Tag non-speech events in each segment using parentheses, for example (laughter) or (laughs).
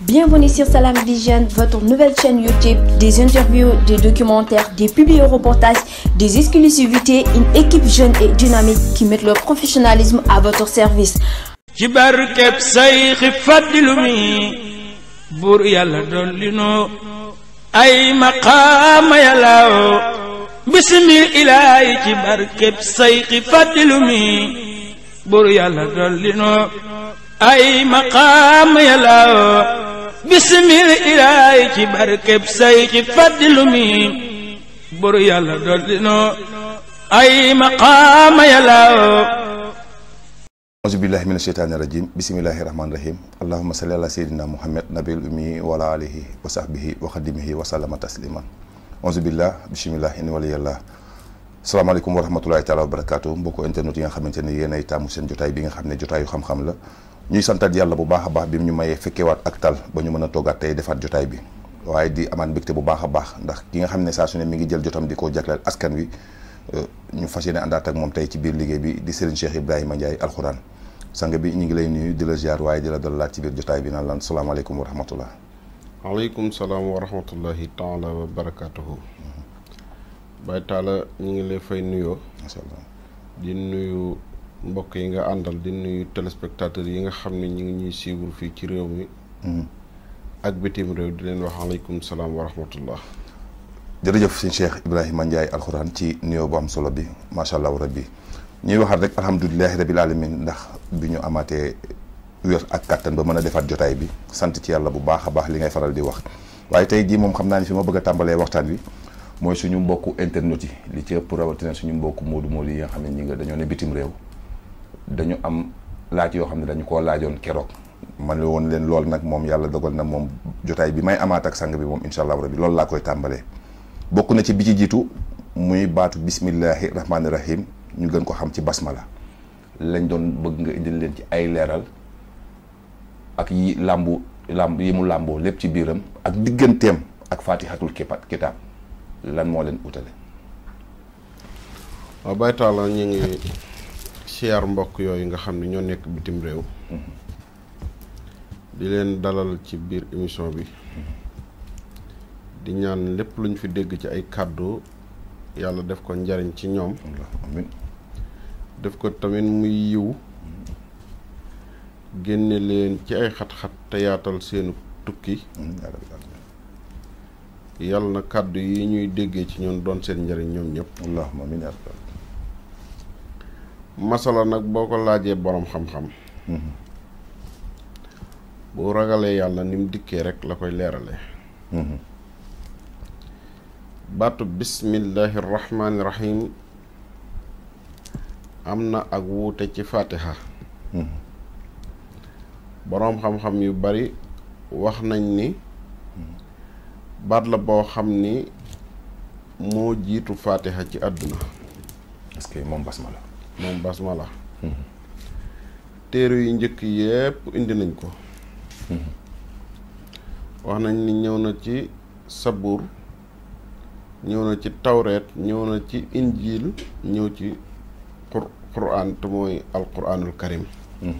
Bienvenue sur Salam Vision, votre nouvelle chaîne YouTube, des interviews, des documentaires, des publi-reportages, des exclusivités, une équipe jeune et dynamique qui met leur professionnalisme à votre service. ci barkeb sayxi mi buur yàlla dolli noo ay maqaama yàllaaw bismil ilaahi ci barkeb ay maqaam yàllaw bisimil ilaay ci barkeb say ci faddilu mi buru yàlla dool dino ay maqaam yàllaw aousubillahi min asheytaani irajim bisimillahi irahmanirahim allahuma salli ala seydina muhammad nabil ummi wala alihi wa sahbihi wa xadimihi wa sallama tasliman aousubillah bisimilah in wala yàlla salaamaaleykum wa rahmatulahi taala wa barakaatu mbokku internet yi nga xamante ne yéen ay taamu seen jotaay bi nga xam ne jotaayu xam-xam la ñuy santat yàlla bu baax a baax bi mu ñu mayee fekkewaat ak tal ba ñu mën a toogaat tey defaat jotaay bi waaye di amaat mbégte bu baax a baax ndax ki nga xam ne saa su ne mi ngi jël jotam di ko jagleel askan wi euh, ñu fas yéene àndaat ak moom tey ci biir liggéey bi di Serigne Cheikh a Ndiaye alxuraan sang bi ñu ngi lay nuyu di la ziar waaye di la dalalaat ci biir jotaay bi naan lan salaamaaleykum wa rahmatullah waaleykum salaam wa rahmatullahi taala wa barakatuhu mm-hmm. Baye Talla ñu ngi lay fay nuyoo. macha mbokk yi nga àndal di nuyu téléspectateurs yi nga xam ne ñu ngi ñuy suivre fii ci réew mi. Hmm. ak bitim réew di leen wax aleykum salaam wa rahmatullah. jërëjëf suñu Cheikh Ibrahima Ndiaye alxuraan ci nuyoo bu am solo bi macha allah rabbi ñuy waxaat rek alhamdulilahi rabil alamin ndax bi ñu amaatee wér ak kàttan ba mën a defaat jotaay bi sant ci yàlla bu baax a baax li ngay faral di wax. waaye tey jii moom xam naa ni fi ma bëgg tàmbalee waxtaan bi mooy suñu mbokku internet yi li ci rawatina suñu mbokku moodu yi nga xam ne ñi nga dañoo ne bitim réew. dañu am laaj yoo xam ne dañu koo laajoon keroog. man la woon leen lool nag moom yàlla dogal na moom jotaay bi may amaat ak sang bi moom incha allahu rabi loolu laa koy tàmbalee. bokk na ci bi ci jiitu muy baatu bismillahi rahmaani ñu gën ko xam ci basmala lañ doon bëgg nga indil leen ci ay leeral ak yi làmbu làmb yi mu làmboo lépp ci biiram ak digganteem ak faatihatul kitaab lan moo leen utale. waaw Baye Talla ñu ngi. siyaar mbokk yooyu nga xam ne ñoo nekk bitim réew di leen dalal ci biir émission bi di ñaan lépp luñ fi dégg ci ay kàddu yàlla def ko njariñ ci ñoom def ko tamit muy yiw génne leen ci ay xat-xat te yaatal seenu tukki yàlla na kàddu yi ñuy déggee ci ñoom doon seen njariñ ñoom ñëpp masala nag boo ko laajee boroom xam-xam mhm. bu ragalee yàlla ni mu dikkee rek la koy leerale mhm. baatu bismillahi rahmaani rahim am na ak wuute ci fatiha mhm. boroom xam-xam yu bari wax nañ ni baat la boo xam ni moo jiitu fatiha ci àdduna est-ce moom basmala hmm. téere yu njëkk yépp indi nañ ko hmm. wax nañ ni ñëw na ci sabuur ñëw na ci tawreet ñëw na ci injiil ñëw ci qur quraan te mooy alquraanul karim hmm.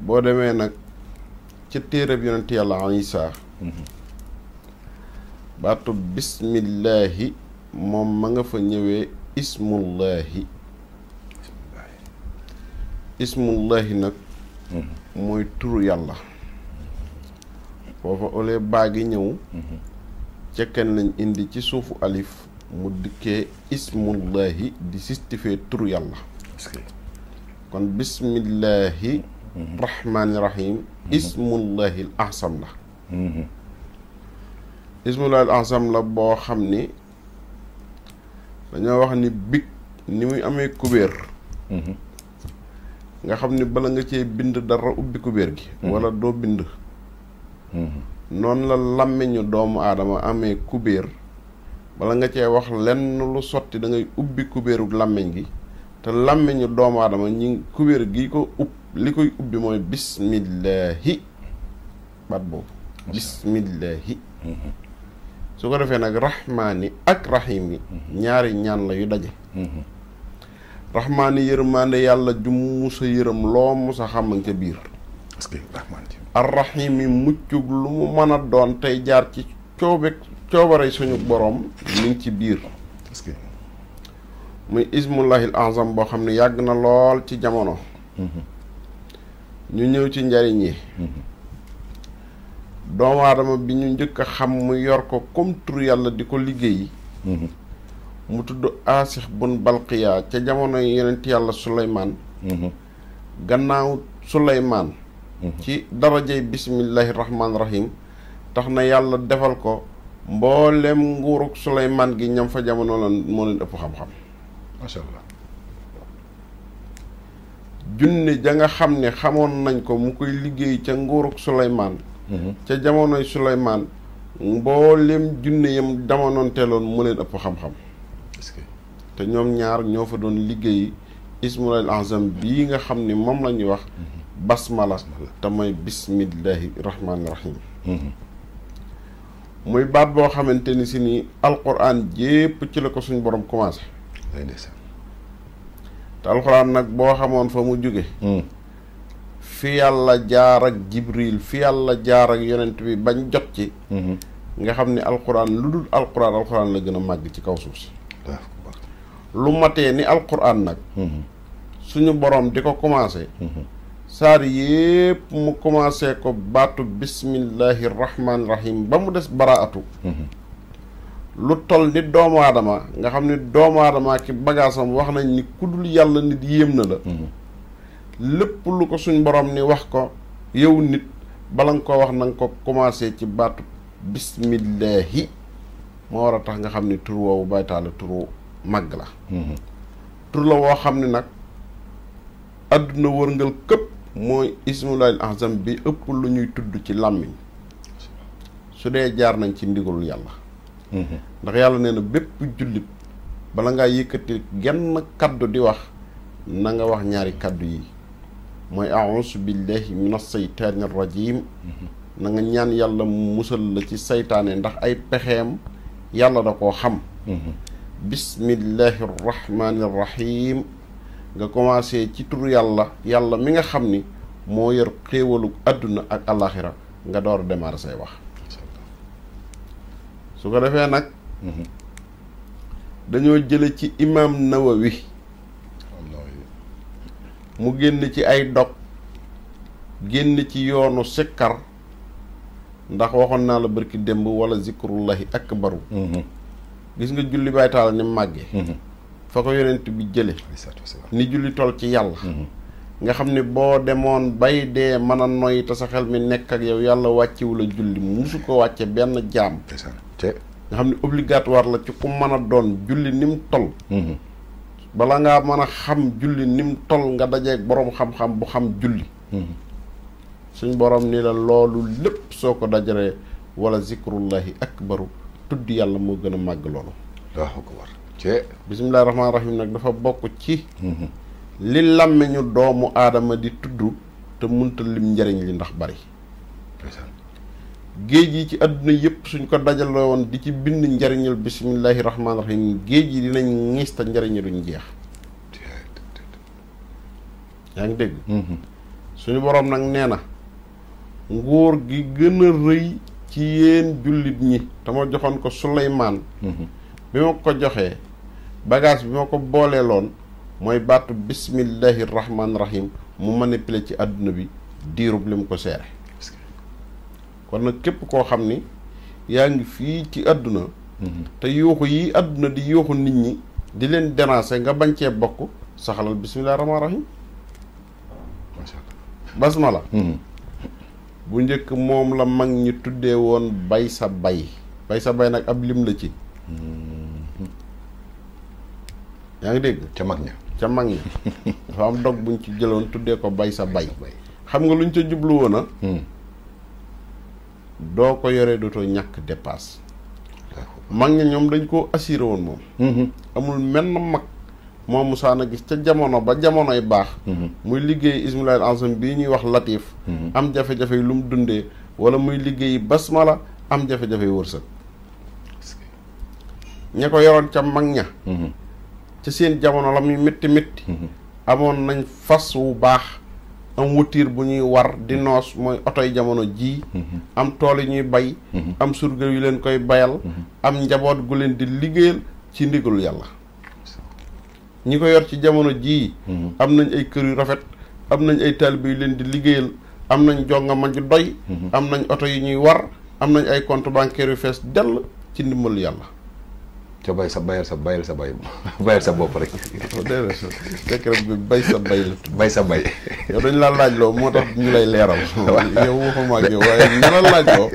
boo demee nag ci téereb yonent yàlla Isaa baatu bismillaahi moom ma nga fa ñëwee ismullahi ismullahi nag mm-hmm. mooy turu yàlla foofa ole baa gi ñëw mm-hmm. cekkan lañ indi ci suufu alif mu dikkee ismullahi di sistife turu yàlla kon bismillahi mm-hmm. rahmaani rahim ismullahi al la ismullahi al la boo xam ni dañoo wax ni big ni muy amee kubéer mhm. nga xam ni bala nga cee bind dara ubbi kubéer gi mhm. wala doo bind mhm. noon la làmmiñu doomu aadama amee kubéer bala nga cee wax lenn lu sotti da ngay ubbi kubéeru làmmiñ gi te làmmiñu doomu aadama ñi kubéer gi ko ub li koy ubbi mooy bismillahi baat boobu bismillahi su ko defee nag raxmaani ak raxiim mhm. ñaari ñaan la yu daje mhm. raxmaani yërmaande yàlla ju musa yërëm loo musa xamang ca biir parce que raxmaan ci muccug lu mu mën a doon tey jaar ci coobe coobare suñu boroom mi ngi ci biir parce que muy ismullahil azam boo xam ne yàgg na lool ci jamono mhm. ñu ñëw ci njariñ yi doomu aadama bi ñu njëkk a xam mu yor ko comme tur yàlla di ko liggéey mhm. mu tudd Asix bun Balqiya ca jamono yonent yàlla Suleymaan mhm. gannaaw Suleymaan mhm. ci darajey bismillahi rahmaani rahim tax na yàlla defal ko mboolem nguurug Suleymaan gi ñam fa jamono la moo leen ëpp xam-xam junne ja nga xam ne xamoon nañ ko mu koy liggéey ca nguurug Suleymaan ca jamonoy Souleymane mboolem junne yam damanoon teeloon mu leen ëpp xam-xam. te ñoom ñaar ñoo fa doon liggéey ismulal azam bii nga xam ni moom la wax. basmala te mooy bismillahi rahmaani rahim. muy baat boo xamante ni si ni alquran jépp ci la ko suñu boroom commencé. te alquran nag boo xamoon fa mu jóge hmm. fi yàlla jaar ak jibril fi yàlla jaar ak yonent bi bañ jot ci mhm. nga xam ne alquran lu dul alquran alquran la gën a màgg ci kaw suuf si lu matee ni alquran nag mhm. suñu borom di ko commencé mhm. saar yépp mu commencé ko baatu bismillahi rahmaani ba mu des baraatu lu toll ni doomu aadama nga xam ni doomu aadama ki bagaasam wax nañ ni ku dul yàlla nit yéem na la lépp lu ko suñ boroom ni wax ko yow nit bala nga ko wax na nga ko commencé ci baatu bismillahi moo war a tax nga xam ni tur woowu baytaale turu màgg la mm-hmm. tur la woo xam ni nag àdduna wërngal këpp mooy ismulaahil azam bi ëpp lu ñuy tudd ci làmmiñ su dee jaar nañ ci ndigalul yàlla mm-hmm. ndax yàlla nee na bépp jullit bala ngaa yëkkati genn kàddu di wax na nga wax ñaari kàddu yi mooy auzu billahi mina saytaani rajim mm-hmm. na ñaan yàlla musal la ci saytaane ndax ay pexeem yàlla da koo xam mm-hmm. bismillahi rahmaani rahim nga commencé ci tur yàlla yàlla mi nga xam ni moo yor xéewalu àdduna ak alaxira nga door a démarrer say wax su ko defee nag mm-hmm. dañoo jële ci imam wi mu génn ci ay dog génn ci yoonu sikkar ndax waxoon naa la barki démb wala zikrullahi akbaru mhm. gis nga julli Baay Taala ni màgge mhm. fa ko yonent bi jële ni julli tol ci yàlla mhm. nga xam ne boo demoon bay dee mën a noyyi te sa xel mi nekk ak yow yàlla wàccewu la julli musu ko wàcce benn jaam nga xam ne obligatoire la ci ku mën a doon julli ni mu bala ngaa mën a xam julli ni mu toll nga dajeeg boroom xam-xam bu xam julli hmm. suñ borom ni la loolu lépp soo ko dajaree wala zikrullahi akbaru tudd yàlla moo gën a màgg loolu waaw ko war nag dafa bokk ci hmm. li làmmiñu doomu aadama di tudd te munta lim njëriñ li ndax bari géej yi ci àdduna yëpp suñ ko dajaloo di ci bind njariñul bisimillahi rahmaani rahim géej yi dinañu ŋis te njariñu duñ jeex yaa ngi dégg mm-hmm. suñu boroom nag nee na nguur gi gën rëy ci yéen jullit ñi te ma joxoon ko Suleymaan mm-hmm. bi ma ko joxee bagage bi ma ko booleeloon mooy baatu bisimillahi rahmaani rahim mu manipulé ci àdduna bi diiru li mu ko seere kon nag képp koo xam ni yaa ngi fii ci àdduna mhm. te yuuxu yi àdduna di yuuxu nit ñi di leen déranger nga bañ cee bokk saxalal bisimilah rahmaani rahiim macha allah mhm. bu njëkk moom la mag ñi tuddee woon bay sa bay bay sa bay nag ab lim la ci mhm. yaa ngi dégg ca mag ña ca mag ña (laughs) dafa am dog buñ ci jëloon tuddee ko bay sa bay xam nga luñ ca jublu woon a hmm. doo ko yoree dootoo ñàkk dépasse mag ñi ñoom dañ koo assuré woon moom mhm. amul menn mag moo musaana gis ca jamono ba jamonoy baax mhm. muy liggéey ismilahil ansam bii ñuy wax latif mhm. am jafe-jafe lu mu dundee wala muy liggéey la am jafe-jafe wërsëg ña ko yoroon ca mag ña ca seen jamono la muy métti métti amoon nañ fas wu baax am wutiir bu ñuy war di mm-hmm. noos mooy yi jamono jii mm-hmm. am tool yu ñuy bay mm-hmm. am surga yu leen koy bayal am njaboot gu leen di liggéeyal ci ndigalu yàlla ñi ko yor ci jamono jii am nañ ay kër yu rafet am nañ ay taalibe yu leen di liggéeyal am nañ jonga ma ju doy am nañ oto yu ñuy war am nañ ay compte bancaire yu fees dell ci ndimbalu yàlla ca bay sa bayal sa bayal sa bay bayal sa bopp rek. Oh, déedéet fekk bay sa bay la. bay sa bay. yow dañu la laaj loo moo tax ñu lay leeral. (laughs) yow waxuma ak yow waaye ñu la laaj loo.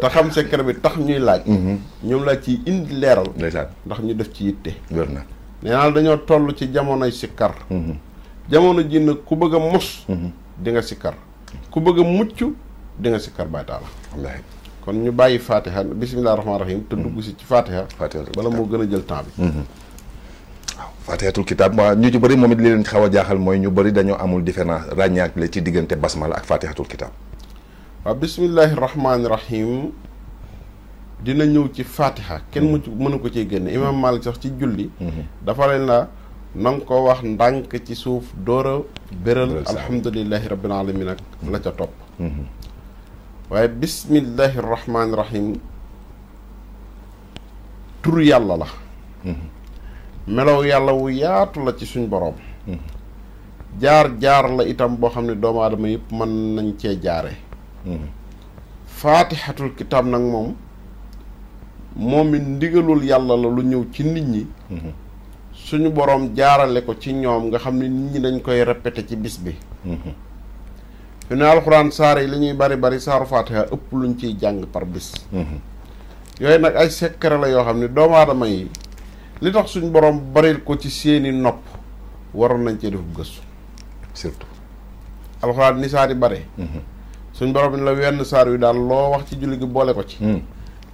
te xam secret bi tax ñuy laaj. Mhm. ñoom laa ci indi leeral. ndax ñu def ci yitte. wér na nee dañoo toll ci jamonoy sikkar. Mhm. jamono ji nag ku bëgg a mos. Mhm. di nga sikkar. ku bëgg a mucc di nga sikkar baay taala. kon ñu bàyyi fatiha bisimilah rahmaani rahim te dugg si ci fatiha bala moo gën a jël temps bi mhm. waaw fatihatul kitaab waaw ñu ci bëri moom xaw a jaaxal mooy ñu bëri dañoo amul différence ràññaak la ci diggante basmala ak fatihatul kitaab waaw bisimillahi rahmaani rahim dina ñëw ci fatiha kenn mhm. mu mënu ko cee génne imam malik sax ci julli mhm. dafa leen la na ko wax ndànk ci suuf doora a béral alhamdulilahi rabbil alamin ak la ca topp waaye bismillahi rahmaani rahim tur yàlla la melow yàlla wu yaatu la ci suñu boroom jaar-jaar la itam boo xam ne doomu aadama yëpp mën nañ cee jaare faatixatul kitaab nag moom moom it ndigalul yàlla la lu ñëw ci nit ñi suñu boroom jaarale ko ci ñoom nga xam ne nit ñi dañ koy répété ci bis bi yu ne alxuraan saar yi li ñuy bari bari saaru faatiha ëpp lu ñu ciy jàng par bis mhm. yooyu nag ay secret la yoo xam ne doomu aadama yi li tax suñ boroom baril ko ci seeni nopp waroon nañ ci def gëstu surtout alxuraan ni saar yi bare mhm. suñ borom ni la wenn saar wi daal loo wax ci julli gi boole ko ci mhm.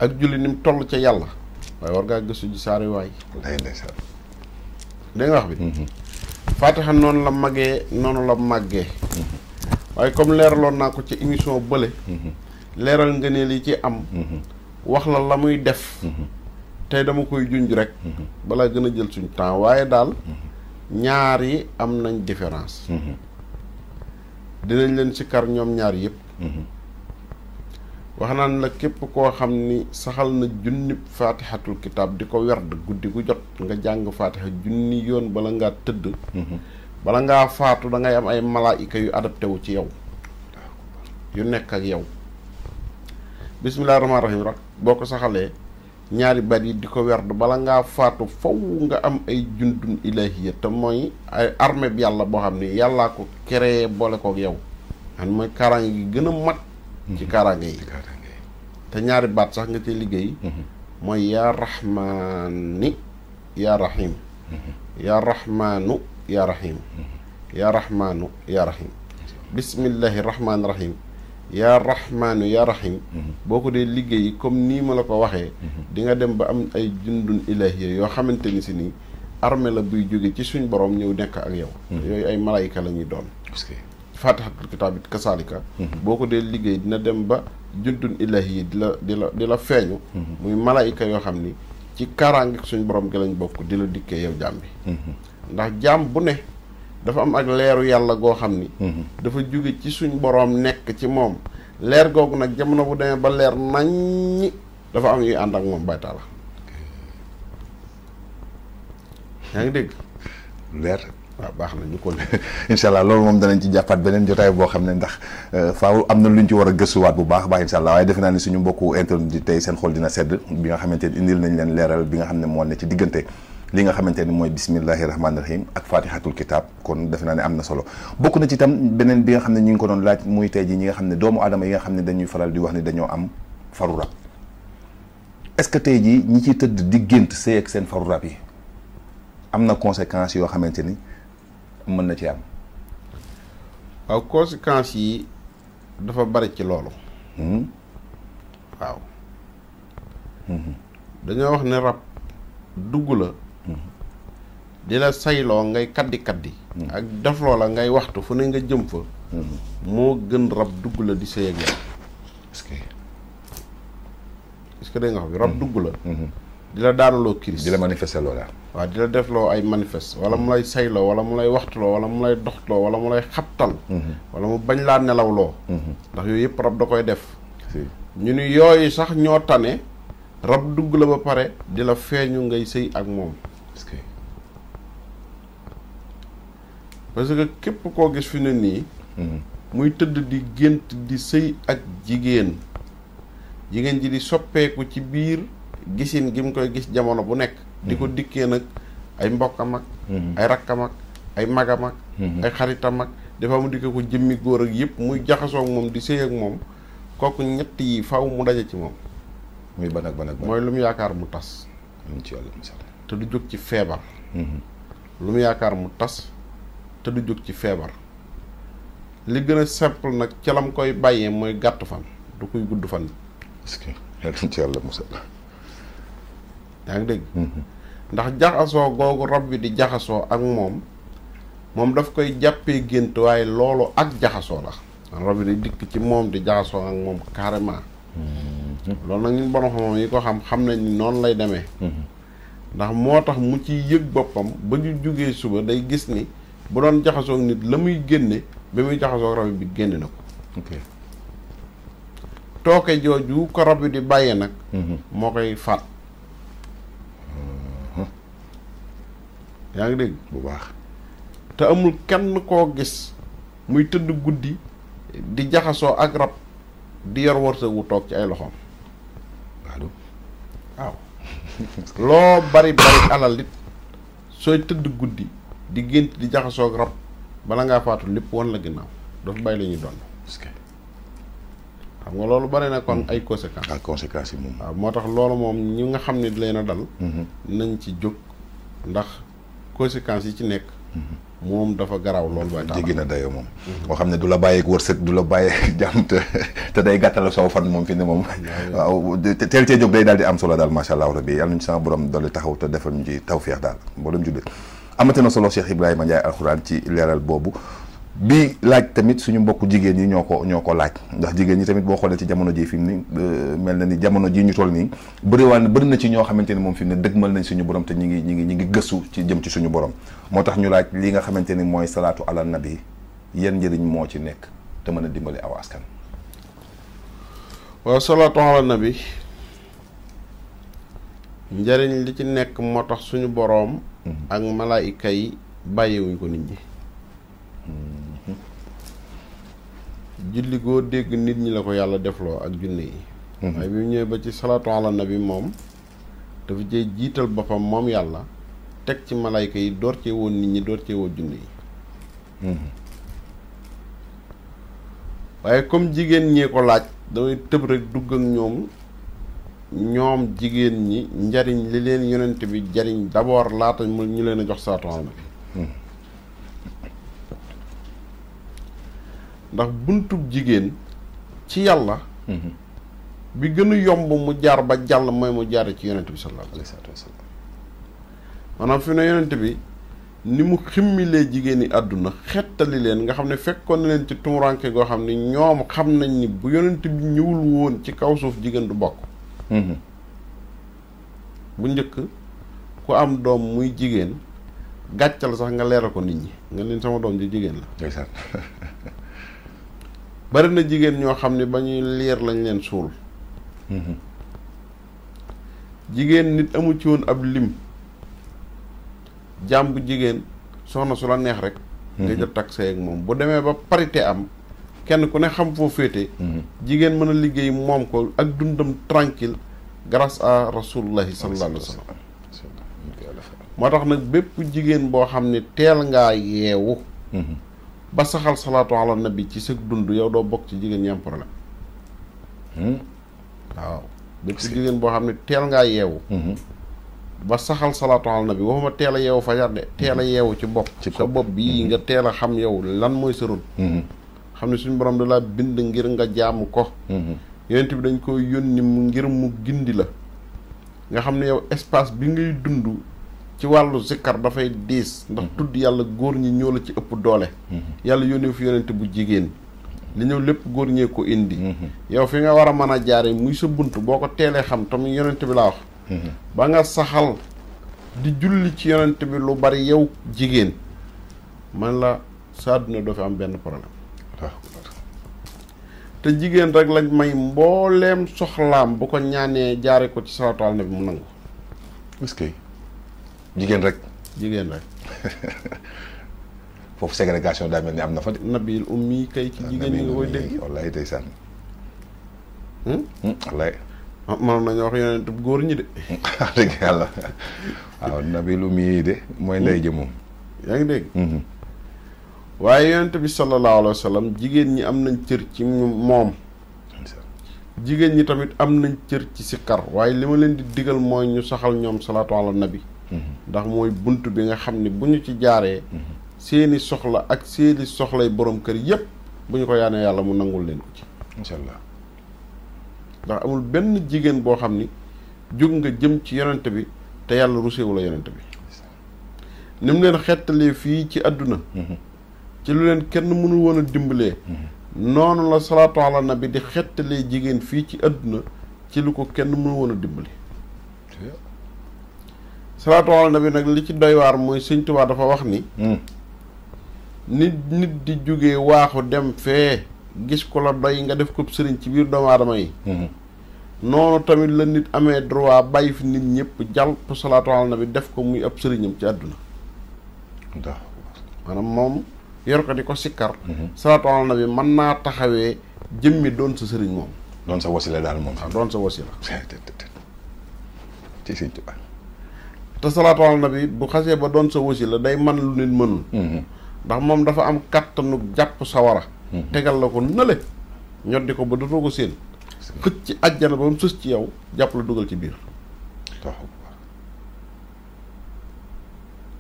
ak julli ni mu toll ca yàlla waaye war ngaa gëstu ji saar yi waay dégg wax bi faatiha noonu la magee noonu la màggee waaye comme leeraloon naa ko ci émission bële. Mhm. leeral nga ne li ci am. Mhm. wax la la muy def. Mhm. tey dama koy junj rek. balaa gën a jël suñu temps waaye daal. ñaar yi am nañ différence. dinañ leen kar ñoom ñaar yëpp. wax naan la képp koo xam ni saxal na junni faatixatul kitaab di ko werd guddi gu jot nga jàng faatixa junni yoon bala ngaa tëdd. bala ngaa faatu da ngay am ay malaayika yu adapté wu ci yow yu nekk ak yow bisimilah rahmaani rahiim rak boo ko saxalee ñaari baat yi di ko werd bala ngaa faatu faw nga am ay jundun ilahiya te mooy ay armée yàlla boo xam ne yàllaa ko créé boole kook yow xam mooy kaaraange gi gën a mag ci kaaraange yi te ñaari baat sax nga cee liggéey mooy yaa rahmaani yaa rahim mm-hmm. yaa rahmaanu yaa rahim yaa rahmaanu yaa rahim bismillahi rahmaani rahim yaa rahmaanu boo ko dee liggéey comme nii ma la ko waxee di nga dem ba am ay jundun ilahiya yoo xamante ni si ni armée la buy jóge ci suñ borom ñëw nekk ak yow yooyu ay malayka la ñuy doon faatixatul kitaab it kasaalika boo ko dee liggéey dina dem ba jundun ilahiya di la di la di la feeñu muy malayka yoo xam ni ci kaaraange suñ borom gi lañ bokk di la dikkee yow jaam ndax jaam bu ne dafa am ak leeru yàlla goo xam ni mhm. dafa jóge ci suñ boroom nekk ci moom leer googu nag jamono bu demee ba leer naññi dafa am yuy ànd ak moom baytaala yaa ngi dégg leer waaw baax na ñu ko (laughs) incha allah loolu moom danañ ci jàppaat beneen jotaay boo xam ne ndax euh, faaw am na luñ ci war a gëstuwaat bu baax baax incha allah waaye defe naa ni suñu mbokku internet di tey seen xool dina sedd bi nga xamante indil nañ leen leeral bi nga xam ne moo ne ci diggante li nga xamante ni mooy bismillahi rahmaani rahim ak fatihatul kitab kon defe naa ne am na solo bokk na ci itam beneen bi nga xam ne ñu ngi ko doon laaj muy tey ji ñi nga xam ne doomu aadama yi nga xam ne dañuy faral di wax ni dañoo am faru rab est-ce que tey jii ñi ciy tëdd di gént sëy ak seen faru rab yi am na conséquences yoo xamante ni mën na ci am waaw conséquences yi dafa bari ci loolu hmm? waaw hmm. dañoo wax ne rab dugg la di la sayloo ngay kaddi kaddi. Hmm. ak def la ngay waxtu fu ne nga jëm fa. Hmm. moo gën rab dugg la di sëy ak yow. que est-ce que dégg nga rab hmm. dugg la. di la daanaloo kiris di la manifester la waa di la defloo ay manifeste wala mu lay sayloo wala mu lay waxtuloo wala mu lay doxtloo wala mu lay xabtal. wala mu bañ laa nelawloo. ndax yooyu yëpp rab da koy def. ñu ni yooyu sax ñoo tane. rab dugg la ba pare di la feeñu ngay sëy ak moom. parce que képp koo gis fi ne nii. Hmm. muy tëdd di gént di sëy ak jigéen. jigéen ji di soppeeku ci biir gisin gi mu koy gis jamono bu nekk. di ko hmm. dikkee nag ay mbokkam ak. Hmm. ay rakkam ak ay magam ak. ay xaritam ak dafa mu dikkee ko jëmmi góor ak yëpp muy jaxasoo ak moom di sëy ak moom kooku ñett yi faaw mu daje ci moom. muy ban ak ban mooy lu mu yaakaar mu tas. ci te du jóg ci feebar. lu mu yaakaar mu tas. te du jóg ci feebar li gën a simple nag ca lam koy bàyyee mooy gàtt fan du koy gudd fan. est-ce que yaa ngi dégg. Mm-hmm. ndax jaxasoo googu rab bi di jaxasoo ak moom moom daf koy jàppee gént waaye loolu ak jaxasoo la. rab bi di dikk ci moom di jaxasoo ak moom carrément. Mm-hmm. loolu nag ñun borom xam xam xam nañ ni noonu lay demee. Mm-hmm. ndax moo tax mu ci yëg boppam ba ñu jógee suba day gis ni. bu doon jaxasoog nit la muy génne bi muy jaxasoog rab bi génne na ko tooke jooju ko rab bi di bàyyee nag mhm. moo koy faat mhm. yaa ngi dégg bu baax te amul kenn koo gis muy tëdd guddi di jaxasoo ak rab di yor wërsëg wu toog ci ay loxoom waaw loo bari bari alal sooy tëdd guddi di gént di jaxasoog rab bala ngaa faatu lépp wan la ginnaaw dafa bàyyi la ñuy doon. xam nga loolu bari na kon hmm. ay conséquences. ay ah, conséquences yi moom. waaw moo tax loolu moom ñi nga xam ne leen a dal. Hmm. nañ ci jóg ndax conséquences yi ci nekk. Hmm. moom dafa garaaw loolu ba tax jéggi na moom moo xam ne du la bàyyeeg wërsëg du la bàyyeeg (laughs) jàmm te te day gàttal soo fan moom fi ne moom (laughs) waaw teel cee jóg day daal di am solo daal macha allah rabbi yàlla nañu sama borom dolli taxaw te defal ñu ci tawféex daal mboolem jullit amate na solo Cheikh Ibrahima Ndiaye alxuraan ci leeral boobu bi laaj tamit suñu mbokk jigéen ñi ñoo ko ñoo ko laaj ndax jigéen ñi tamit boo xoolee ci jamono ji fi mu ni euh, mel na ni jamono ji ñu toll nii bëriwaan bari na ci ñoo xamante ni moom fi mu ne mën nañ suñu borom te ñi ngi ñi ngi ñi ngi ci jëm ci suñu borom moo tax ñu laaj li nga xamante ni mooy salaatu ala bi yan njëriñ moo ci nekk te mën a dimbali aw askan waaw salaatu ala nabi njëriñ li ci nekk moo tax suñu boroom Mm-hmm. ak malaayika yi bàyyiwuñ ko nit ñi mm-hmm. julli dégg nit ñi la ko yàlla defloo ak junne yi mm-hmm. waaye bi mu ñëwee ba ci salaatu ala bi moom dafa cee jiital boppam moom yàlla teg ci malaayika yi door cee woon nit ñi door cee woon junne yi waaye comme jigéen ñee ko laaj damay tëb rek dugg ak ñoom ñoom jigéen ñi njariñ li leen yonent bi jariñ d'abord laata mu ñu leen a jox saatoon bi ndax buntub jigéen ci yàlla bi gën yomb mu jaar ba jàll mooy mu jaare ci yonent bi sallallahu alayhi wa sallam maanaam fi ne yonent bi ni mu ximmilee jigéen ñi àdduna xettali leen nga xam ne fekkoon na leen ci tumuranke goo xam ne ñoom xam nañ ni bu yonent bi ñëwul woon ci kaw suuf jigéen du bokk Mhm. bu njëkk ku am doom muy jigéen gàccal sax nga leeral ko nit ñi nga leen sama doom ji jigéen la (laughs) bari na jigéen ñoo xam ne ba ñuy liir lañ leen suul mhm. jigéen nit amu ci woon ab lim jàmb jigéen soxna su la neex rek nga mhm. jot takk ak moom bu demee ba parité am kenn ku ne xam foo féete mhm. jigéen mën a liggéey moom ko ak dundam tranquille grâce à rasulullahi sallallahu alayhi wa moo tax nag bépp jigéen boo xam ne teel ngaa yeewu mhm. ba saxal salaatu ala nabi ci sa dund yow doo bokk ci jigéen ñi am problème hmm? boo xam ne teel ngaa yeewu mhm. ba saxal salaatu ala nabi waxuma teel a yeewu fajar de teel a yeewu ci bopp sa bopp bii nga teel a xam yow lan mooy sa rôle xam ne suñu borom da laa bind ngir nga jaamu ko mhm. yonent bi dañ koy yónni mu ngir mu gindi la nga xam ne yow espace bi ngay dund ci wàllu zikkar dafay diis ndax mhm. tudd yàlla góor ñi ñoo la ci ëpp doole mhm. yàlla yónnee fi yonent bu jigéen li ñëw lépp góor ñee ko indi yow fi nga war a mën a jaare muy sa bunt boo ko teelee xam tam yonent bi laa wax ba nga saxal di julli ci yonent bi lu bari yow jigéen mën la sa àdduna doo fi am benn problème te jigéen rek lañ may mbooleem soxlaam bu ko ñaanee jaare ko ci salaatu ala nabi mu nangu. est jigéen rek. jigéen rek. (laughs) foofu ségrégation daa mel ni am na fa de. nabil ummi kay ci jigéen ñi nga koy dégg. wallaay tey sànni. Hmm? Hmm, wallaay. Ah, de. (laughs) yàlla mooy hmm? ndey ji yaa ngi dégg. waaye yonent bi sallallahu alayhi wa jigéen ñi am nañ cër ci moom jigéen ñi tamit am nañ cër ci sikkar waaye li ma leen di digal mooy ñu saxal ñoom salaatu ala nabi ndax mooy bunt bi nga xam ni bu ñu ci jaaree seeni soxla ak seeni soxlay boroom kër yépp bu ñu ko yaanee yàlla mu nangul leen ko ci incha allah ndax amul benn jigéen boo xam ni jóg nga jëm ci yonent bi te yàlla rusewu la yonent bi ni mu leen xettalee fii ci àdduna mm-hmm. ci lu leen kenn mënul woon a dimbalee mm-hmm. noonu la salaatu bi nabi di xettalee jigéen fii ci àdduna ci lu ko kenn mënul woon a dimbali bi nag li ci doy mooy sëñ dafa wax ni mm. nit nit di jóge waaxu dem fee gis ko la doy nga def ko sëriñ ci biir doomu yi mm-hmm. noonu tamit la nit amee droit bàyyi fi nit ñëpp jàpp salaatu ala nabi def ko muy ab sëriñam ci àdduna maanaam moom yor ko di ko sikkar mhm. salaatu ala nabi mën naa taxawee jëmmi doon sa sëriñ moom doon sa wasila daal moom doon sa wasila (laughs) ci sëriñ Tuubaa te salaatu na bi bu xasee ba doon sa wasila day man lu nit mënul mhm. ndax moom dafa am kàttanu jàpp sawara mhm. tegal la ko nële ñoddi ko ba dootoo ko séen xëcc ci àjjana ba mu sës ci yow jàpp la dugal ci biir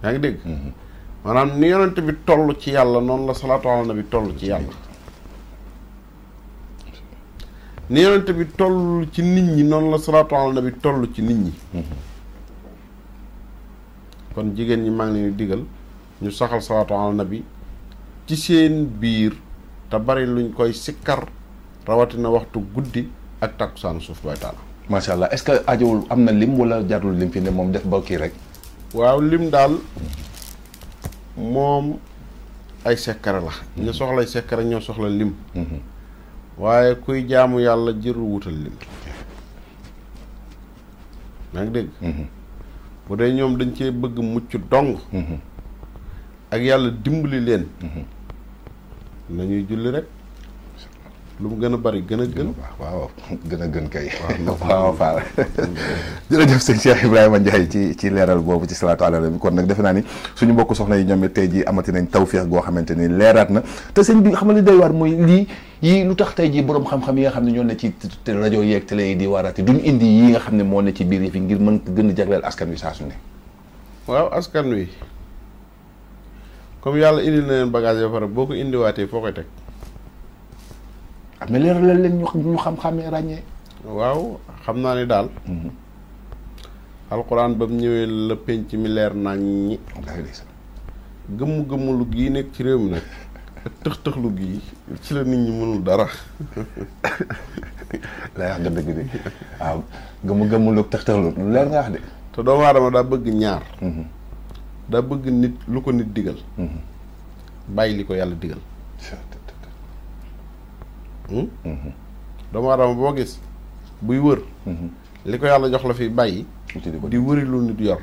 yaa ngi dégg maanaam ni yonent bi toll ci yàlla noonu la salaatu ala bi tollu ci yàlla ni yonent bi toll ci nit ñi noonu la salaatu ala nabi tollu ci nit ñi kon jigéen ñi maa ngi digal ñu saxal salaatu ala bi ci seen biir te bari luñ koy sikkar rawatina waxtu guddi ak takkusaanu suuf bay taala macha allah est-ce que ajowul am na lim wala jarul lim fi ne moom def ba kii rek waaw lim daal moom ay sekkare la ñu soxlay sekkare ñoo soxla lim mhm. waaye kuy jaamu yàlla jëru wutal lim yaa dégg mhm. bu dee ñoom dañ cee bëgg mucc dong mhm. ak yàlla dimbali leen nañuy julli rek lu mu gën a bari gën a gën. waaw (laughs) gën a gën kay. waaw (laughs) waaw (laughs) jërëjëf sëñ Cheikh Ibrahima Ndiaye ci ci leeral boobu ci salaatu ala kon nag defe naa ni suñu bokk soxna yi ñoom it tey jii amati nañ tawféex goo xamante ni leeraat na te sëñ bi xam nga li waar mooy lii yii lu tax tey jii borom xam-xam yi nga xam ne ñoo ne ci rajoo yeeg télé yi di waaraati duñ indi yi nga xam ne moo ne ci biir yi fi ngir mën gën a jagleel askan wi saa su ne. waaw askan wi comme yàlla indi na leen bagage boo ko indiwaatee foo koy teg am na leer la leen ñu xam-xamee ràññee. waaw xam naa ni daal. Mhm. alxuraan ba mu ñëwee la penc mi leer nañ ñi. gëmmu gëmmulu gii nekk ci réew mi nag ak tëx tëxlu gii ci la nit ñi mënul dara. lay wax nga dëgg de waaw gëmmu gëmmulu tëx tëxlu lu leer nga wax de. te doomu aadama daa bëgg ñaar. Mhm. daa bëgg nit lu ko nit digal. Mhm. bàyyi li ko yàlla digal. Hmm? Mhm. doomu aadama boo gis buy wër hmm. li ko yàlla jox la fi bàyyi di wëri lu nit yor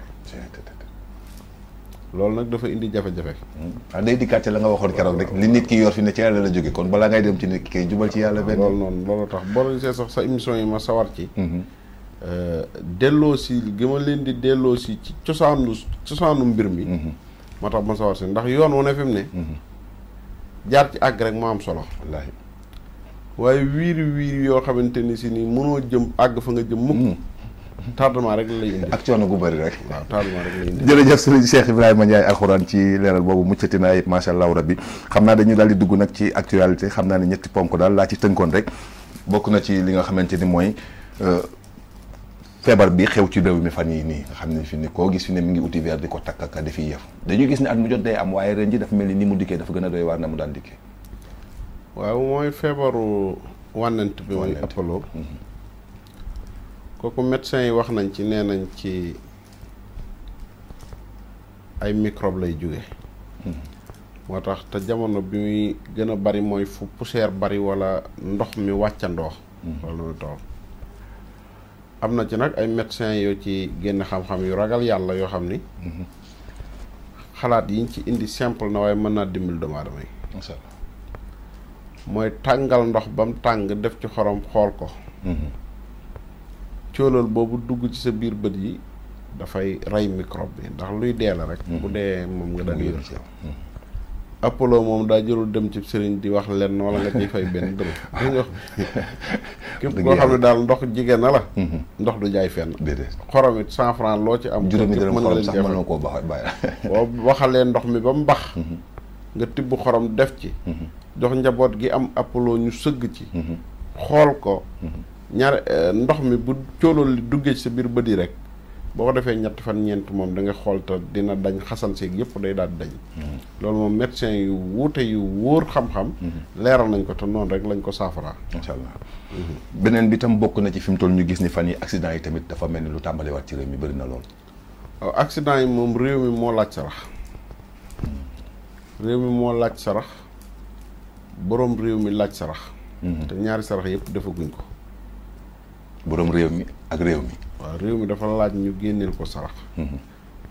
loolu nag dafa indi jafe-jafe hmm. ah day dikkaat ci la nga waxoon keroog rek li nit ki yor fi ne ci yàlla la jóge kon balaa ngay dem ci nekk ki kay jubal ci yàlla benn loolu noonu loolu tax boo gisee sax sa émission yi ma sawar ci euh, delloo si gi ma leen di delloo si ci cosaanu cosaanu mbir mi moo tax ma sawar si ndax yoon wu ne fi ne jaar ci àgg rek moo am solo wallaahi waaye wiiri wiiri yoo xamante ni si nii mënoo jëm àgg fa nga jëm mukk hmm. tardement rek lay indi ak coono gu bëri rek waaw tardement rek lay indi jërëjëf sëriñ Cheikh Ibrahima Ndiaye alxuraan ci leeral boobu muccati naa it macha allah rabbi xam naa dañu daal di dugg nag ci actualité xam naa ne ñetti ponk daal laa ci tënkoon rek bokk na ci li nga xamante ni mooy euh, feebar bi xew ci réew mi fan yii nii nga xam ne fi ni koo gis fi ne mi ngi uti weer ko takk ak di fi yëf dañuy gis ni at mu jot day am waaye ren ji dafa mel ni ni mu dikkee dafa gën a waar na mu daan dikkee waaw mooy feebaru wànnant bi mooy appalo mhm. kooku médecins yi wax nañ ci nee nañ ci ay microbe lay jóge mhm. moo tax te jamono bi muy gën bari mooy fu poussière bari wala ndox mi wàccandoo mhm. loolu muy tool am na ci nag ay médecins yoo ci génn xam-xam yu ragal yàlla yoo xam ni xalaat yiñ ci indi simple na waaye mën naa dimbali doomu aadama mooy tàngal ndox ba mu tàng def ci xorom xool ko mhm. cóolal boobu dugg ci sa biir bët yi dafay rey microbe bi ndax luy dee la rek mhm. bu dee moom nga daan yor ci mhm. moom daa jëlul dem ci sëriñ di wax lenn wala nga ciy fay benn dërëm (laughs) dañuy (laughs) wax képp koo xam ne daal ndox jigéen na la ndox du jaay fenn xorom it cent franc loo ci am juróomi dërëm xorom sax mën na koo baax bàyyi boo waxalee ndox mi ba mu bax nga tibb xorom def ci mhm. jox njaboot gi am apollo ñu sëgg ci mhm. xool ko mhm. ñaar eh, ndox mi bu cóolool li duggee ci sa biir bët yi rek boo ko defee ñett fan ñeent moom da nga xool te dina dañ xasan seeg yëpp day daal dañ loolu moom médecin yu wuute yu wóor xam-xam leeral nañ ko te noonu rek lañ ko saafaraa incha allah beneen bi tam bokk na ci fi mu toll ñu gis ni fan yi accident yi tamit dafa mel ni lu tàmbaliwaat ci réew mi bëri na lool waaw oh, accident yi moom réew mi moo laaj sarax réew mi moo laaj sarax boroom réew mi laaj sarax. Mhm. te ñaari sarax yëpp defaguñ ko. boroom réew mi ak réew mi. waaw réew mi dafa laaj ñu génneel ko sarax. Mhm.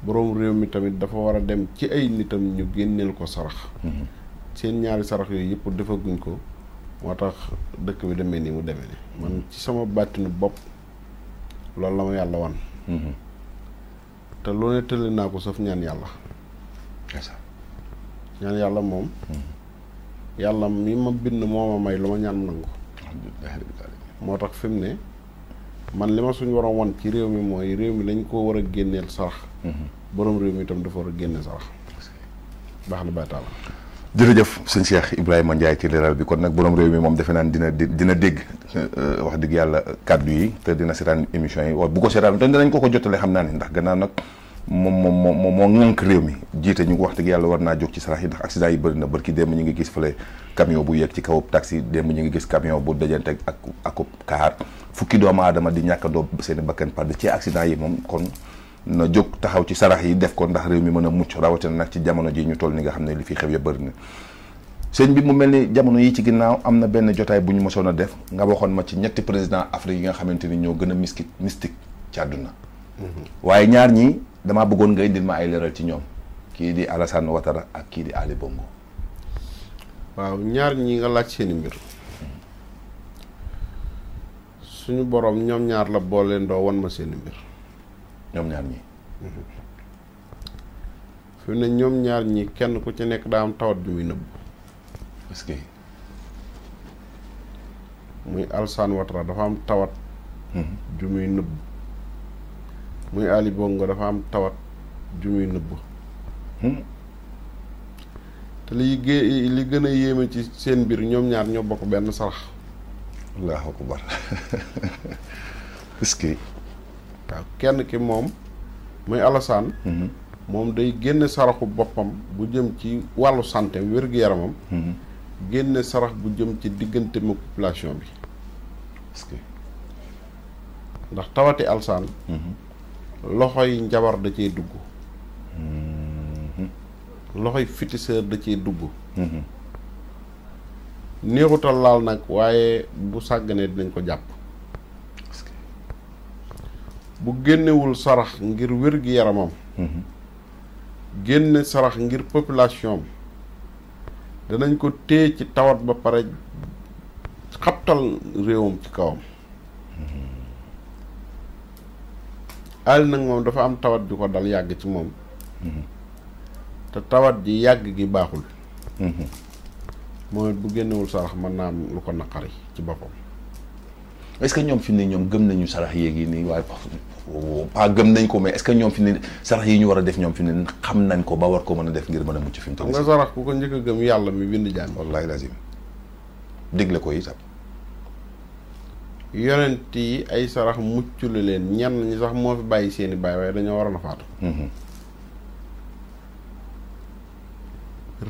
boroom réew mi tamit dafa war a dem ci ay nitam ñu génneel ko sarax. Mhm. seen ñaari sarax yooyu yëpp defaguñ ko moo tax dëkk bi demee nii mu demee nii man ci sama bàttinu bopp loolu la ma yàlla wan. te loo ne tële naa ko saf ñaan yàlla. ñaan yàlla moom yàlla mi ma bind moo ma may lu ma ñaan nangu moo tax fi ne man li ma suñu war a ci réew mi mooy réew mi lañ ko war a génneel sarax borom réew mi itam dafa war a génne sarax baax na baataala jërëjëf sëñ Cheikh Ibrahima Ndiaye ci leeral bi kon nag borom réew mi moom defe naan dina dina dégg euh, wax dëgg yàlla kàddu yi te dina seetaan émission yi wax bu ko seetaan te dinañ ko ko jottale xam naa ni ndax gannaaw nag moom moom moom moo ŋànk réew mi jiite ñu wax dëgg yàlla war naa jóg ci sarax yi ndax accident yi bëri na barki démb ñu ngi gis fële camion bu yegg ci kaw taxi démb ñu ngi gis camion bu dajante ak akub kaar fukki doomu aadama di ñàkkandoo seen i bakkan par ci accident yi moom kon na jóg taxaw ci sarax yi def ko ndax réew mi mën a mucc rawatina nag ci jamono ji ñu toll ni nga xam ne li fi xew ya bëri na sëñ bi mu mel ni jamono yi ci ginnaaw am na benn jotaay bu ñu mosoon a def nga waxoon ma ci ñetti président Afrique yi nga xamante ni ñoo gën a mystique mystique ci àdduna mm-hmm. waaye ñaar ñi damaa bëggoon nga indil ma ay leeral ci ñoom kii di Alassane Ouattara ak kii di Ali Bongo. waaw ñaar ñi nga laaj seeni mbir suñu boroom ñoom ñaar la boole ndoo wan ma seeni mbir. ñoom ñaar ñi. Mm-hmm. fi mu ne ñoom ñaar ñi kenn ku ci nekk daa am tawat bi muy parce que muy Alassane Ouattara dafa am tawat. Mm-hmm. ju muy muy Ali Bongo dafa am tawat ju muy nëbb hmm? te li gé li gën a yéeme ci seen mbir ñoom ñaar ñoo bokk benn sarax allahu akbar est-ce que waaw kenn ki moom muy Alassane hmm. moom day génne saraxu boppam bu jëm ci wàllu santé wér yaramam hmm. génne sarax bu jëm ci diggante ma population bi parce ndax tawati Alassane loxo yi njabar da cee dugg loxo mm-hmm. loxoy féticheur da cee dugg mm-hmm. néexutal laal nag waaye bu sàgganee dinañ ko jàpp bu génnewul sarax ngir wér-gi-yaramam mm-hmm. génne sarax ngir population danañ ko téye ci tawat ba pare xabtal réewam ci kawam Aly nag moom dafa am tawat ju ko dal yàgg ci moom mhm. te tawat ji yàgg gi baaxul moo mhm. mooy bu génnewul sarax mën naa am lu ko naqari ci boppam est-ce que ñoom fi ne ñoom gëm nañu sarax yéeg yi nii waaye pas gëm nañ ko mais est-ce que ñoom fi ne sarax yi ñu war a def ñoom fi ne xam nañ ko ba war ko mën a def ngir mën a mucc fi mu toll nga sarax ku ko njëkk a gëm yàlla mi bind jaam wallahi lazim digle ko itam yonent yi ay sarax mucc la leen ñan ñi sax moo fi bàyyi seeni baay waaye dañoo war a faatu mhm.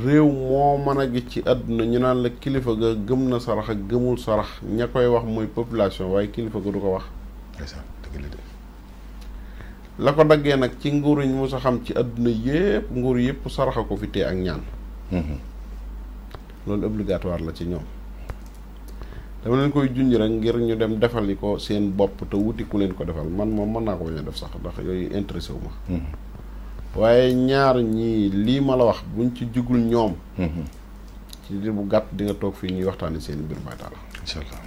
réew moo mën a gis ci àdduna ñu naan la kilifa ga gëm na sarax ak gëmul sarax ña koy wax mooy population waaye kilifa ga du ko wax la ko daggee nag ci nguur yi mu xam ci àdduna yépp nguur yépp saraxa ko fi tee ak ñaan mhm. loolu obligatoire la ci ñoom dama leen koy junj rek ngir ñu dem defal defali ko seen bopp te wuti ku leen ko defal man moom mën naa ko bañ a def sax ndax yooyu intéressé wu ma. Mm-hmm. waaye ñaar ñii lii ma la wax buñ ci jugul ñoom. Mm-hmm. ci diir bu gàtt di nga toog fii ñuy waxtaanee seen mbir mbay taal. incha allah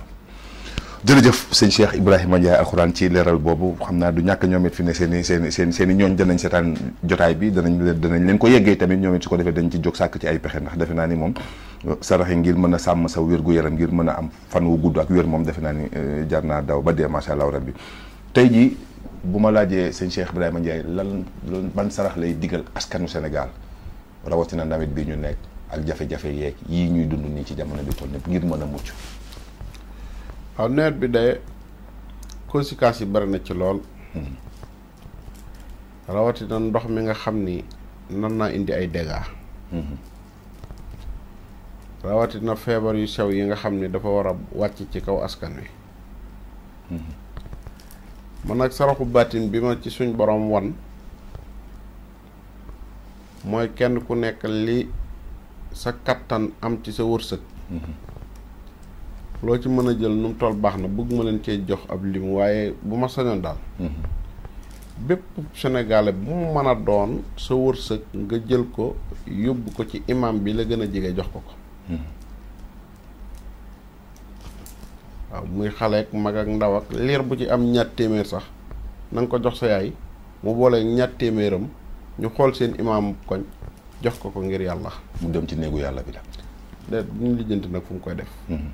jërëjëf sëñ Cheikh Ibrahima Ndiaye alxuraan ci leeral boobu xam naa du ñàkk ñoom it fi seen i seen seen seen i ñooñ danañ seetaan jotaay bi danañ leen danañ leen ko yeggee tamit ñoom it su ko defee dañ ci jóg sàkk ci ay pexe ndax defe naa ni moom. yi ngir mën a sàmm sa wér-gu-yaram ngir mën a am fan wu gudd ak wér moom defe naa ni euh, jar naa daw ba dee macha allah rabbi tey jii bu ma laajee sëñ Cheikh ma Ndiaye lan ban sarax lay digal askanu Sénégal rawatina nawet bi ñu nekk ak jafe yeeg yii ñuy dund nii ci jamono bi toll ñëpp ngir mën a mucc. waaw bi de conséquences yi bari na ci lool. Hmm. rawatina ndox mi nga xam ni nan naa indi ay dégâts. Hmm. rawatina feebar yu sew yi nga xam ni dafa war a wàcc ci kaw askan wi mm-hmm. man nag saraxu baatin bi ma ci suñ borom wan mooy kenn ku nekk li sa kattan am ci sa wërsëg mm-hmm. loo ci mën a jël nu mu toll baax na bëgg ma leen cee jox ab lim waaye bu ma sañoon daal mm-hmm. bépp Sénégalais bu mu mën doon sa wërsëg nga jël ko yóbbu ko ci imam bi la gën a jege jox ko ko Hmm. waaw muy xale ak mag ak ndaw ak liir bu ci am ñaar téeméer sax na ko jox sa yaay mu boole ñaar téeméeram ñu xool seen imaam koñ jox ko ko ngir yàlla. mu dem ci néegu yàlla bi la. déet bu ñu lijjanti nag fu mu koy def. Hmm.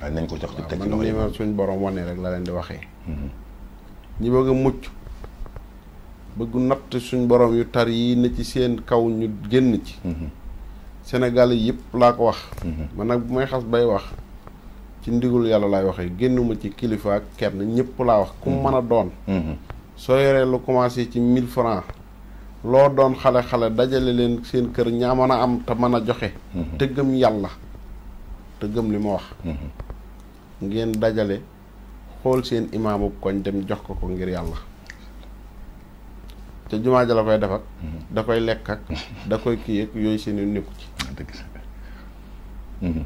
waaw nañ ko jox di teg loxo yi man suñ borom wane rek la leen di waxee. Hmm. ñi bëgg mucc bëggu natt suñ borom yu tar yi ne ci seen kaw ñu génn ci. Sénégal yëpp laa ko wax. Mhm. man nag bu may xas bay wax ci ndigul yàlla laay waxee génnuma ci kilifa ak kenn ñëpp laa wax ku mhm. mën a doon. Mhm. soo yoree lu commencé ci 1000 francs loo doon xale-xale dajale leen seen kër ñaa mën a am te mën a joxe. te gëm yàlla te gëm li ma wax. ngeen dajale xool seen imaamu koñ dem jox ko ko ngir yàlla. te jumaa ja la koy def ak mhm. da koy lekk ak (laughs) da koy kii ak yooyu seen i nekku ci ah, mhm.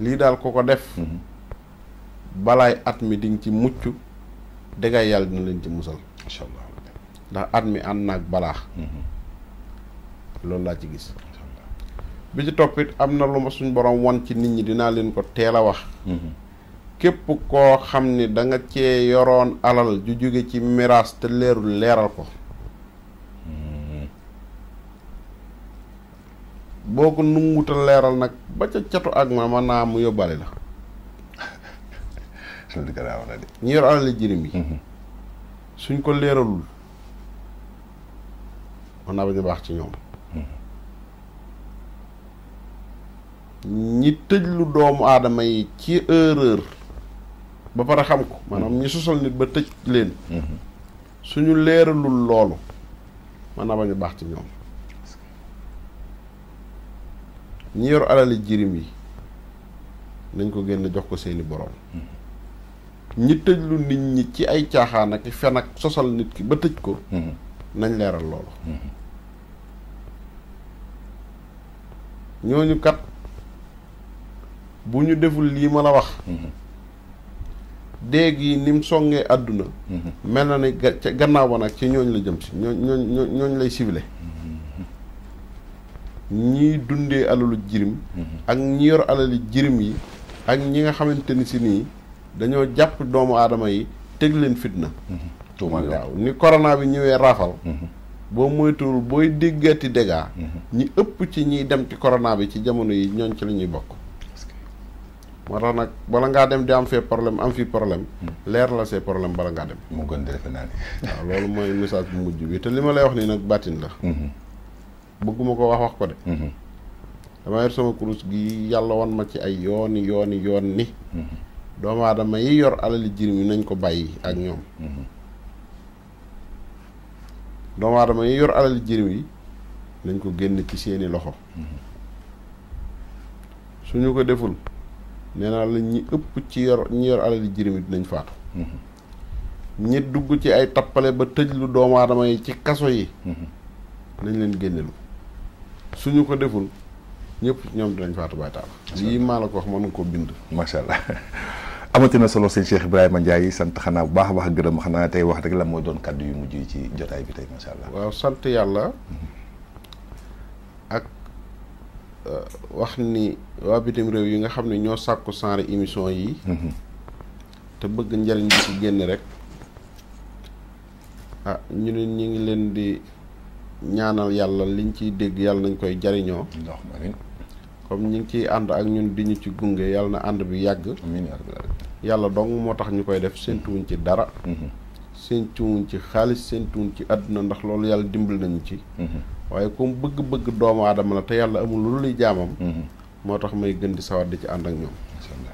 lii daal ko ko def mhm. balaay at mi di ci mucc dégay yàlla dina leen ci musal incha allah ndax at mi ànd naag balaax loolu laa ci gis bi ci toppit am na lu ma suñ borom wan ci nit ñi dinaa leen ko teel a wax képp koo xam ni danga nga cee yoroon alal ju jóge ci miraas te leerul leeral ko boo ko nunguta leeral nag ba ca catu ak ma mën naa mu yóbbaale la ñu (laughs) yor alal jirim yi mhm. suñ ko leeralul mën naa bañ a baax ci ñoom mhm. ñi lu doomu aadama yi ci erreur ba pare xam ko maanaam mhm. ñi sosal nit ba tëj leen suñu leeralul loolu mën naa bañ a baax ci ñoom ñi yor alali jirim yi nañ ko génn jox ko seeni borom mm-hmm. ñi tëj lu nit ñi ci ay caaxaana ak fen ak sosal nit ki ba tëj ko mm-hmm. nañ leeral loolu mm-hmm. ñooñu kat bu ñu deful lii ma la wax déeg yi ni mu songee àdduna mel na ni gannaaw ba nag ci ñooñ la jëm si ñooñ ñooñ lay ciblé ñiy dundee alalu jirim mm-hmm. ak ñi yor alalu jirim yi ak ñi nga xamante ni si nii dañoo jàpp doomu aadama yi teg leen fitna mm-hmm. waaw ni corona bi ñëwee raafal mm-hmm. boo moytuwul booy déggati dégâts ñi ëpp ci ñiy dem ci corona bi ci jamono yi ñooñ ci la ñuy bokk moo tax nag bala ngaa dem di am fee problème am fii problème leer la see problème bala ngaa dem moo naa ni waaw loolu mooy message bu mujj bi te li ma lay wax nii nag bàttin la bëgguma ko wax wax ko de mhm. dama yor sama kurus gi yàlla wan ma ci ay yooni yooni yoon ni mhm. doomu yi yor alali jirim yi nañ ko bàyyi ak ñoom mhm. yi yor alali jirim yi ko génn ci seeni loxo suñu ko deful nee naa la ñi ëpp ci yor ñi yor alali jirim yi dinañ faatu ñi dugg ci ay tappale ba tëj lu doomu aadama yi ci kaso yi nañ leen génne lu suñu ko deful ñëpp ñoom dinañ faatu baay taal lii maa la ko wax mën nga ko bind macha allah (laughs) amati na solo sëñ Cheikh Ibrahima Ndiaye sant xanaa bu baax a baax gërëm xanaa tey wax rek la mooy doon kàddu yu mujj ci jotaay bi tey macha allah waaw sant yàlla ak euh, wax ni waa bitim réew yi nga xam ne ñoo sàkku genre émission yi mhm. te bëgg njariñ bi ci génn rek ah ñu ne ñu ngi leen di ñaanal yàlla liñ ciy dégg yàlla nañ koy jariñoo comme ñu ngi ciy ànd ak ñun di ñu ci gunge yàlla na ànd bi yàgg yàlla dong moo tax ñu koy def séentuwuñ ci dara mhm. séentuwuñ ci xaalis séentuwuñ ci àdduna ndax loolu yàlla dimbali nañu ci mhm. waaye comme bëgg-bëgg doomu aadama la te yàlla amul lu luy jaamam mhm. moo tax may gën di sawar di ci ànd ak ñoom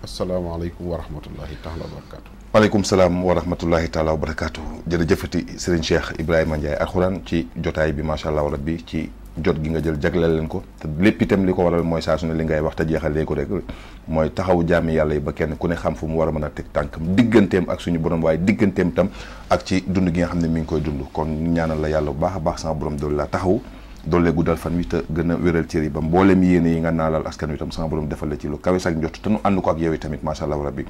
asalaamaaleykum wa rahmatullahi taala wa barakatu maaleykum salaam wa rahmatullahi taala wa barakaatu jërëjëfati sëriñ Cheikh Ibrahima Ndiaye alxuraan ci jotaay bi macha allah bi ci jot gi nga jël jagleel leen ko te lépp itam li ko waral mooy saa su ne li ngay wax te jeexalee ko rek mooy taxaw jaami yàlla yi ba kenn ku ne xam fu mu war a mën a teg tànkam digganteem ak suñu borom waaye digganteem tam ak ci dund gi nga xam ne mi ngi koy dund kon ñaanal la yàlla bu baax a baax sama borom doolu laa taxaw doole guddal fan wi gën a wéral cër yi ba mboolem yéene yi nga naalal askan wi tam sama borom defal la ci lu kawe sax njott te nu ànd ko ak yow tamit macha allah rabbi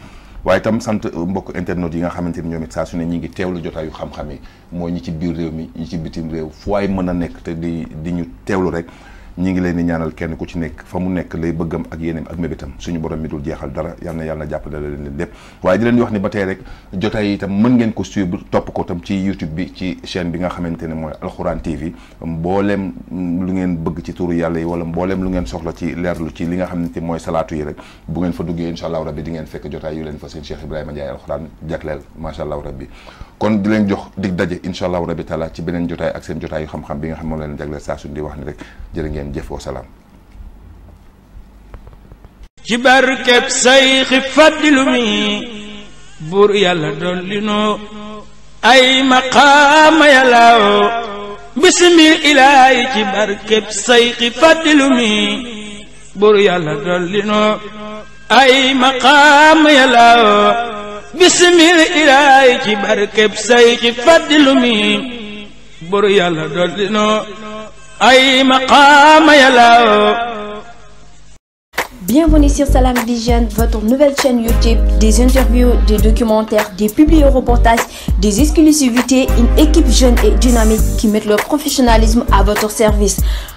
waaye itam sant mbokk internet yi nga xamante ni ñoom it saa su ne ñi ngi teewlu jotaayu xam-xam yi mooy ñi ci biir réew mi ñi ci bitim réew fu waay mën a nekk te di di ñu teewlu rek ñi ngi leen di ñaanal kenn ku ci nekk fa mu nekk lay bëggam ak yéeneem ak mébétam suñu borom mi dul jeexal dara yal na yàlla na jàppale leen lépp waaye di leen wax ni ba tey rek jotaay yi itam ngeen ko suivre topp ko tam ci YouTube bi ci chaîne bi nga xamante ne mooy Alxuraan TV mbooleem lu ngeen bëgg ci turu yàlla yi wala mbooleem lu ngeen soxla ci leerlu ci li nga xamante mooy salaatu yi rek bu ngeen fa duggee incha allahu rabbi di ngeen fekk jotaay yu leen fa seen Cheikh Ibrahima Ndiaye Alxuraan jagleel macha allahu rabbi kon di leen jox dig daje incha allahu rabi taala ci beneen jotaay ak seen jotaay yu xam-xam bi nga xam moom la leen saa suñ di wax ni rek jërë ngeen wa salaam ci barkeb sayxi faddilu mi buur yàlla dolli noo ay maqaama yàllaaw bismil ilaay ci barkeb say ci faddilu mi Salam Vision, votre nouvelle chaîne YouTube, des interviews, des documentaires, des publireportages, des exclusivités, une équipe jeune et dynamique qui met leur professionnalisme à votre service.